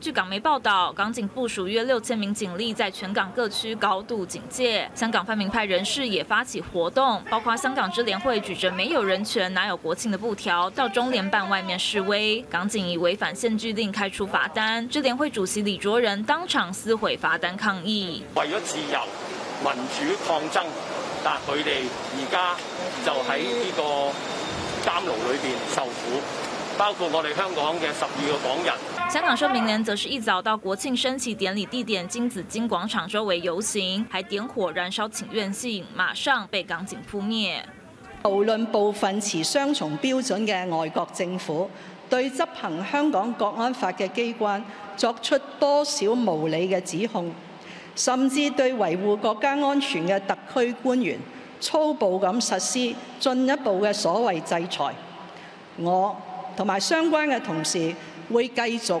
據港媒報道，港警部署約六千名警力在全港各區高度警戒。香港泛民派人士也發起活動，包括香港支聯會舉着“沒有人權，哪有國慶”的布條到中聯辦外面示威。港警以違反限聚令開出罰單，支聯會主席李卓人當場撕毀罰單抗議。為咗自由、民主抗爭，但佢哋而家就喺呢個監牢裏邊受苦。包括我哋香港嘅十二個港人，香港社民連則是一早到國慶升旗典禮地點金紫荊廣場周圍遊行，還點火燃燒請願信，馬上被港警撲滅。無論部分持雙重標準嘅外國政府對執行香港國安法嘅機關作出多少無理嘅指控，甚至對維護國家安全嘅特區官員粗暴咁實施進一步嘅所謂制裁，我和相關的同事會繼續